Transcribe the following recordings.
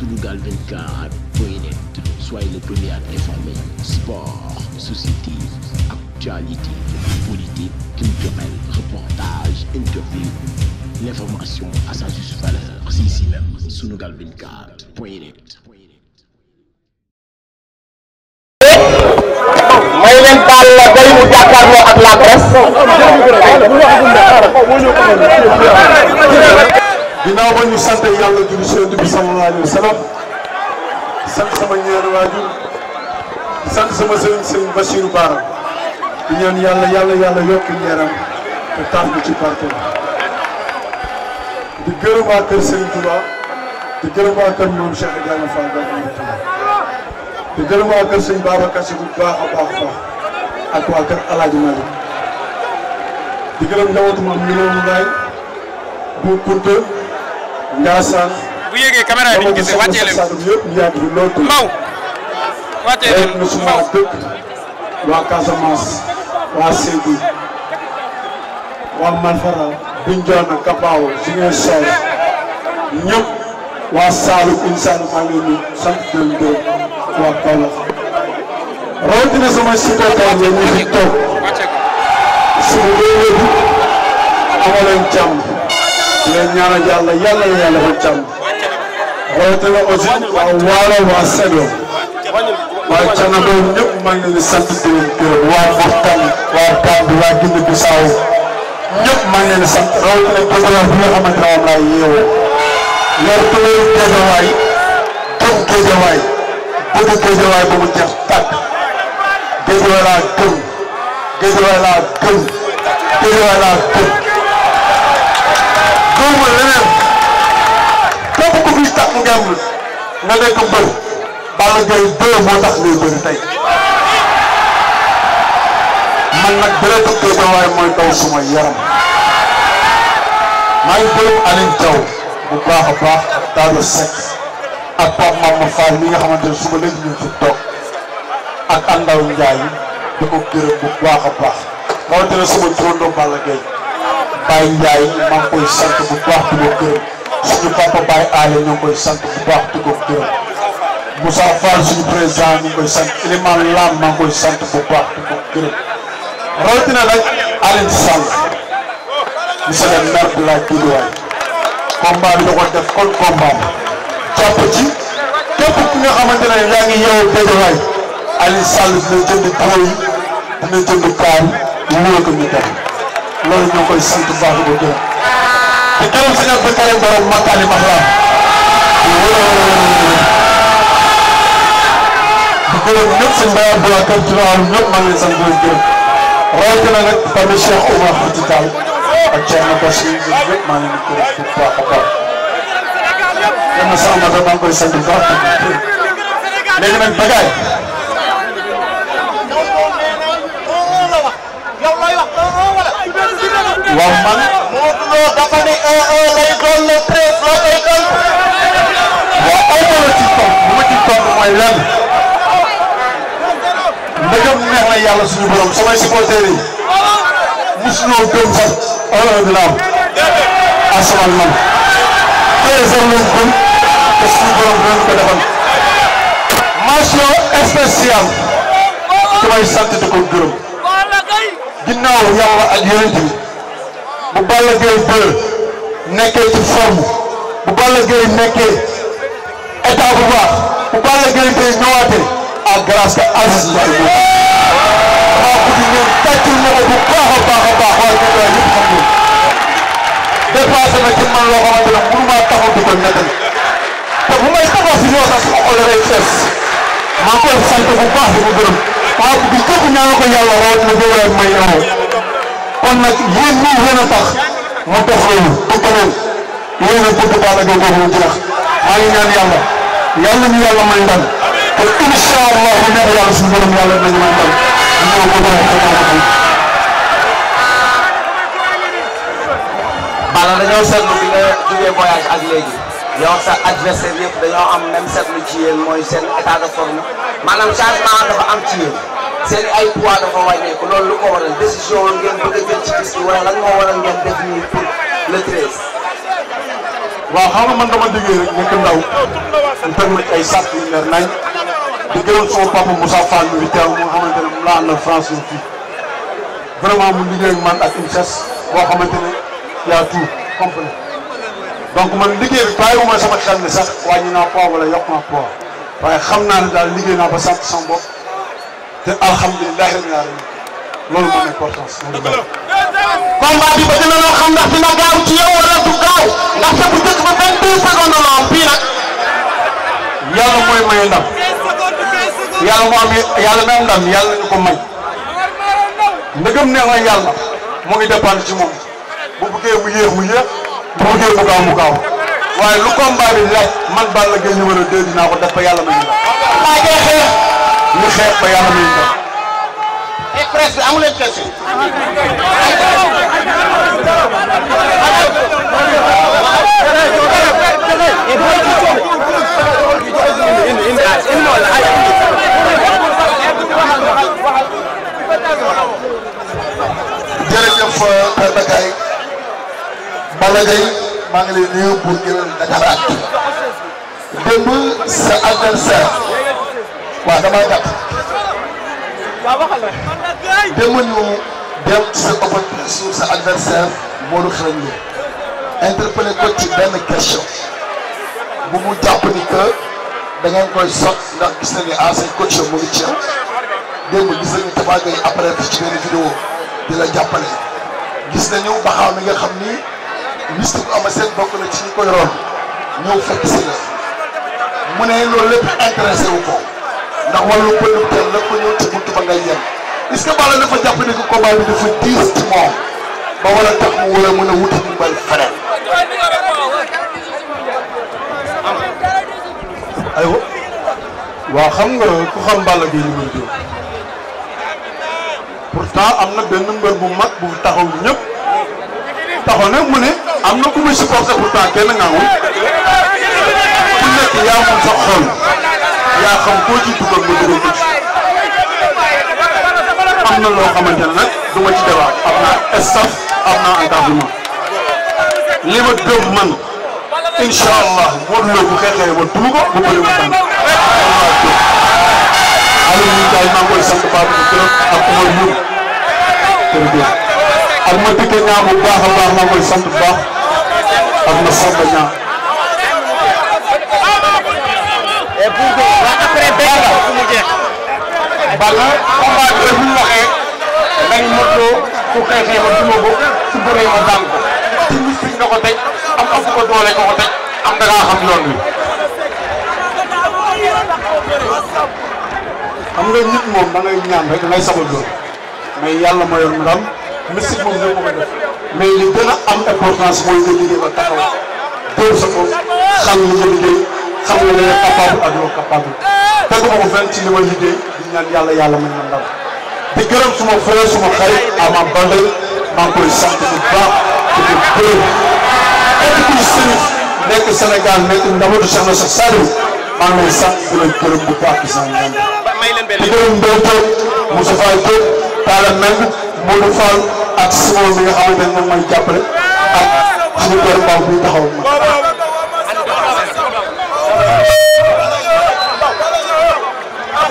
sunugal24.net soyez le premier à être informé sport société actualité politique culturelle reportage interview l'information à sa juste valeur c'est ici même sunugal24.net may leen baal la bay mu jàkkaarloo ak la presse sant yàlla julli si yonent bi sallallahu alayhi wa sant sama ñaari waajur sant sama sëriñ sëriñ Bachir Baara di ñaan yàlla yàlla yàlla yokk leeram te tax ko ci parti di di gërëm kër ñoom Cheikh di gërëm kër Serigne Babacar Sy bu baax a baax ak waa kër El Hadj di gërëm njabootu maam ñu bu Kunta Ndiassane. bu yëgee caméra bi ñu gisee wàccee leen Mbaw. wàccee leen Mbaw waa Casamance waa Sédhiou waa Malfara Bignona Kabao Ziguinchor ñëpp waa Saalum incha allah maa ngi leen di sant di leen gërëm waa Kaolack rawatina sama supporter yi fi toog su ma leen yëg amaleen di leen ñaanal yàlla yàlla na yàlla defal jàmm rawatina aussi waa Waalo waa Séddo waa Canaba ñëpp maa ngi leen di sant di leen gërëm waa Mourtane waa Bambi waa Guinée Bissau ñëpp maa ngi leen di sant rawatina Guédiawaye bi nga xamante ne moom laa yeewoo yor tuuti Guédiawaye gëm Guédiawaye bëgg Guédiawaye ba mu jeex tàkk Guédiawaye laa gëm Guédiawaye laa gëm Guédiawaye laa gëm amul leneen képp ku fi takk ngemb nga nekk mbër Balla Gaye 2 moo tax ngay bëri tey man nag bële dëkk bi waaye mooy daw suma yaram maa ngi gërëm Alioune Thiaw bu baax a baax ak Talla Seck ak Pape Mama Fall mi nga xamante ne suba léegi ñu ngi fi toog ak Andaw Ndiaye di ko gërëm bu baax a baax rawatina suma turandoo Balla Gaye Baye Ndiaye maa ngi koy sant bu baax di ko gërëm suñu papa Baye Allé ñoo ngi koy sant bu baax di ko gërëm Moussa Fall suñu président ñu ngi koy sant Elimane Lam maa ngi koy sant bu baax di ko gërëm rawatina nag Alioune Sall monsieur le maire de la Guédiawaye combat bi da ko def kon combat jàpp ci képp ki nga xamante ne yaa ngi yow Guédiawaye Alioune Sall dina jënd taw yi dina jënd kaar yi wóor ko ñu def loolu ñoo koy sant bu baax di ko gërëm te gërëm si nag ba Karim borom Makkaani Maxlaam di gërëm ñëpp si mbéyam bu la kër Tivaouane ñëpp maa ngi leen sant di leen gërëm rawatina nag famille Cheikh Oumar Fouti Tall ak Thierno Bachir ñoom ñëpp maa ngi leen di gërëm bu baax a baax. yéen a sàmm ak maa ngi koy sant bu baax léegi nag bagaay waaw man Modou Lo dafa ne 1-1 eh, eh, lay doon le 13 la koy doon. waaw ay ma la ci tontu li ma ci tontu mooy lan. ndegam neex na yàlla suñu borom samay supporters yi. mosuloo gëm sax 1-1 dina am. asamaan man. 13 lañ gëm te suñu borom dinañ ko defal. mention spéciale. damay sant di ko gërëm. ginnaaw yàlla ak yonent bi bu Balla Gaye 2 nekkee ci forme bu Balla Gaye nekkee état bu baax bu Balla Gaye 2 ñëwaatee à grâce que Aziz Ndiaye bu baax a baax a baax waaye ñun daal yëpp xam nga dépassé na ci man loo xamante ne mënu maa taxaw di ko nettali te bu may taxaw si maa ngi koy sant bu baax di ko gërëm waaw bi képp ñaan kon nag yéen ñi yéen a tax mu tax loolu te keneen yéen a bëgg baal a jóg boobu mu jeex maa ngi ñaan yàlla yàlla ñu yàlla may ndam te incha allah bu neex yàlla suñu borom yàlla nañu may ndam ñoo ko doon xamal bala dañoo seetlu bi nga jógee voyage ak léegi yow sa adversaire yëpp dañoo am même seetlu ci yéen mooy seen état de forme maanaam changement dafa am ci yéen. seen ay poids dafa wàññeeku loolu lu ko waral décision ngeen bëgg a jël ci bis bi wala lan moo waral ngeen def nii pour le treize. waaw xam man dama liggéey rek nekk ndaw ñu teg ma ay sàtt yu leer nañ di gërëm sama papa Moussa Fall mi teew mu nga ne mu laa àndal France fii vraiment mu liggéey man ak INSES boo xamante ne yaa tout complet donc man liggéey bi wu ma sama xel ne sax wàññi naa poids wala yokk naa poids waaye xam naa ne daal liggéey naa ba sant sama bopp. te alhamdulilah rabbil alamin loolu moo nekk importance loolu ba dina loo xam ndax dina gaaw ci yow wala du gaaw bu njëkk ba 22 secondes yàlla mooy maye ndam yàlla moo am yàlla ndam yàlla nañu ko may ndëgëm neex na yàlla ci moom bu bëggee mu yéex bu bëggee mu gaaw waaye lu combat bi laaj man Balla Gaye numéro 2 dinaa ko def ba yàlla ndam. ñu xeex ba yàlla muy tax. et presse bi amu leen question. jërëjëf Père Bakay Balla Gaye maa ngi lay nuyu pour ngir Dakaractu démb sa adversaire waaw damay gàtt. waaw waxal la. demañu dem sa open press sa adversaire Modou Xarañ Lo interpellé ko ci benn question bu mu jàpp ni que koy sot ndax gis nañu ne ancien coach mu ngi ci démb gis nañu Tapha Gueye après ci benn vidéo di la jàppale gis nañu baxaw mi nga xam ni liste bu ama seen bokk na ci ñi ko yoroon ñëw fekk si la mu ne loolu lépp intéressé ko. ndax wàllu pëlum la ko ñëw ci buntu ba ngay yem est-ce que Balla dafa jàpp ne que bi dafa diis moom ba war a tax mu a mën a wuti ñu bay feneen. aywa waaw xam nga ku xam Balla Gaye numéro 2 pourtant am na benn mbër bu mag bu taxaw ñëpp taxaw nag mu ne am na ku muy supporté pourtant kenn ngaa ngi ku nekk yaa moom sa xol. yaa xam koo ci dugal nga ci am na loo xamante ne nag ma ci débat am naa staff am naa encadrement li ma gëm man incha allah ma dugg ko ba ma koy sant baax bu gërëm ak mooy ma dikkee ñaa bu baax a baax ma sàmm ñaa buñ ko waaw après béy ko fu mu jeex. Balla combat bu ma duma su bëree ma daan ko. ci mystique nga ko teg am ëpp ko doole nga ko teg am da xam yoon wi. xam nga nit moom da ñaan rek ngay sabal doon mais yàlla ma yoon ndam moom ñoo ko ko def mais li gën a am importance mooy nga liggéey ba taxaw dóor sa bopp xam li nga liggéey. xam nga ne capable ak yow capable tegu ma ko fenn ci li ma liggéey di yàlla yàlla may na ndam di gërëm suma frère suma xarit Ama Baldé maa ngi koy sant bu baax di ko gërëm képp kuy nekk Sénégal nekk ndamatu Cheikh na Cheikh Saliou maa ngi lay sant di la gërëm bu baax di sant ñoom di gërëm Ndeye Diop Moussa Faye Diop Talla Meng Modou Fall ak Simon mi nga xamante ne moom mooy jàppale ak suñu gërëm baax bu taxaw ma. a Diop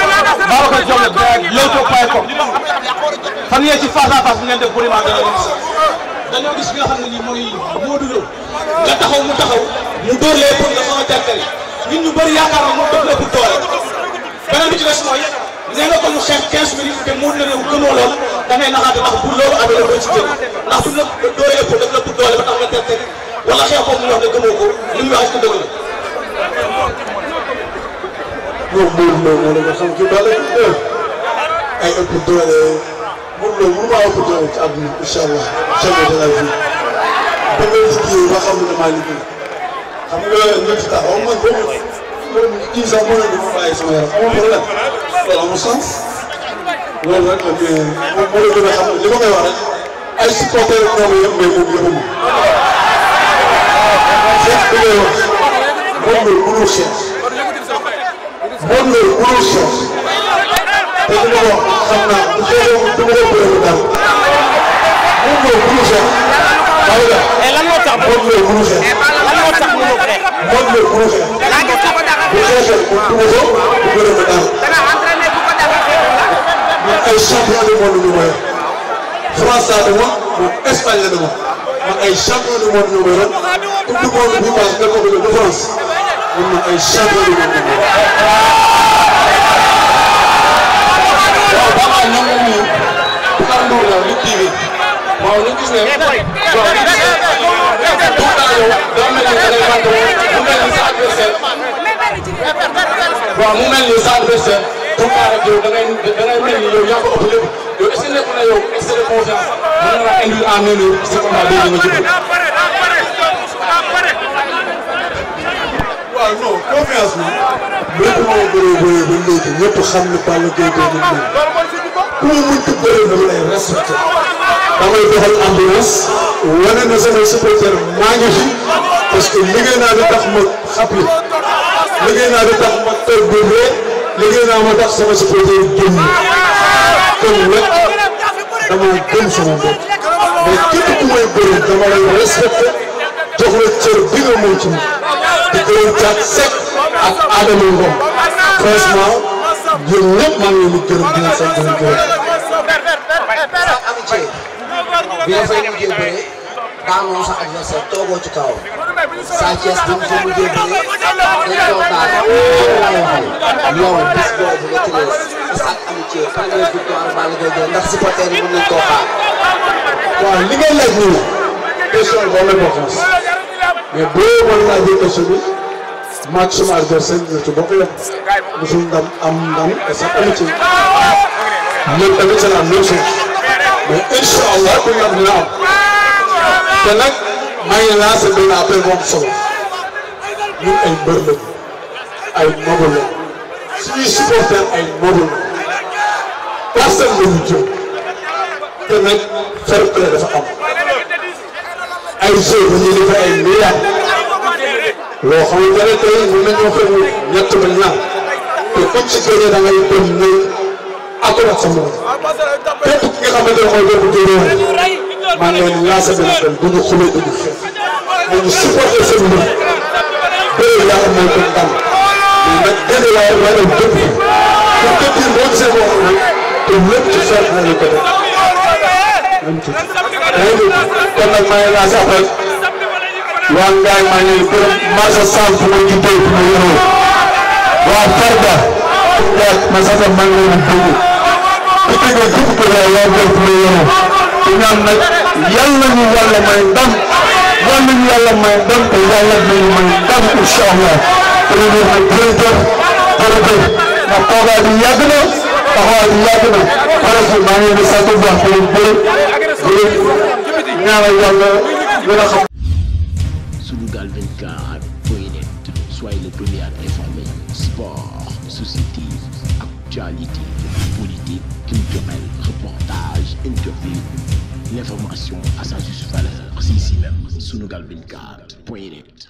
la Leewtoo point com fan ngeen ci face à face bi ngeen def bëri maa dañoo gis nga xam a nii mooy Modou Lo nga taxaw mu taxaw mu dóor lee pour a jàkkale nit ñu bëri bi ci des mooy nee nga ko mu xeex 15 minutes te Modou Lo gënoo lool da ngay naxaate ndax bu loolu amee la ci jël ndax bu la dóoree pour daf la bu doole ba tax nga teel wala xeexoo mu wax ne gëmoo ko li muy wax est-ce que ñoom Modou Lo moo nekk xam nga daal la ñu ay ëpp doole Modou Lo mënumaa ëpp doole ci àdduna incha allah jamais de la vie ba nga liggéey ba xam ne damaa liggéey xam nga ñun si taxaw man ba mu loolu kii sax moo nekk dafa bàyyi sama yaram amul problème loolu amul sens loolu rek la mais moom moo la gën a xam li ma koy wax rek ay supporter ak ñoom yëpp mais moom yëpp moom. c'est vrai que loolu mënul cher. moom la mënul sos te li ma wax xam naa bu soobee du ma ko bëre dara moom la mënul sos waaye nag lan moo tax moom la mënul sos lan moo tax mënul ko def moom la mënul sos bu soobee du ma ko bëre dara ñun ay champion du monde ñu may France la dama moom Espagne la dama man ay champion du monde ñu may rek coupe du monde bi passe nga ko bëgg de France. ñun ay champion du monde waaw Bakar ñoom ñoom ñoom Bakar Ndour la Lutte TV waaw ñu gis ne waaw Doudou Daara yow daa mel ni da ngay fàtte woon mu mel ni sa adversaire waaw mu mel ni sa adversaire Doudou Daara yow da ngay da ngay mel ni yow yaa ko ëpp lépp yow est-ce que nekkul ne yow excès de confiance mën na la indil en erreur ci combat bi nga jublu waaw ah, non confiance bi. lépp moo bëree bëree ba léegi ñëpp xam ne Balla Gaye doo ñu mel. ku mu mënti bëree dama lay respecté. damay ambulance. wane na sama supporter maa ngi fi. parce liggéey naa di tax ma xapli. liggéey naa di tax ma toog bu liggéey naa ma tax sama supporter génn. kon nag dama gën sama bopp. mais képp ku may bëri jox la cër bi ci moom. Boy Thiat Seck ak Adama Ngom franchement yéen ñëpp maa ngi leen di gërëm di leen sant di leen gërëm. sa amitié bi nga fay mujjee bëre daanoo sa adversaire toogoo ci kawam Sa Thiès bi mu fa mujjee bëre dañ koo daan yow bis boobu nga tëjee sa amitié première victoire baa ngi koy jël ndax supporter yi mën nañ koo xaar. waaw li ngay laaj nii question boo mais boo mën laajee question bi. ma suma ak góor seen ci bokk yem mosul am ndam et sax amu ci ñoom tamit c'est la même chose mais incha ku ndam dina te nag maa ngi lancé benn appel bu am solo ay mbër lañu ay noble lañu suñuy supporter ay noble lañu personne la te nag fair play am ay jeu dañuy def ay milliards loo xamante ne tey mën nañoo xëy ñett ba ñaar te kuñ ci génnee da ngay ne mooy doomu Dóor waar maa ngi leen di lancé benn appel bu ñu xuloo du ñu xeex nañu supporté seen mbir bëre yaa xam mooy ko ndam mais nag bëre yaa xam mooy doon dëpp te dëpp yi boo ne te lépp ci fekk nañu ko def. kon nag maa waa Ngaye maa ngi leen di marché Samb ma jiitee fi ma yoroo waa Farba. Ngaye Masaka maa ngi leen di déglu. ku tege képp ku ne yaa ngi fi ma yoroo. ñu naan nag yal nañu yàlla may ndam yal nañu yàlla may ndam te yàlla nañu may ndam incha allah. dina ñëw nag jërëjëf jërëjëf ndax toogaay bi yàgg na taxawaay bi yàgg na. pare si maa ngi leen di sant bu baax di leen bëri di leen ñaanal yàlla gën a xam. Sunugal24.net soyez le premier à informer sport société actualité politique culturelle reportage interview l'information à sa juste valeur c'est ici même Sunugal24.net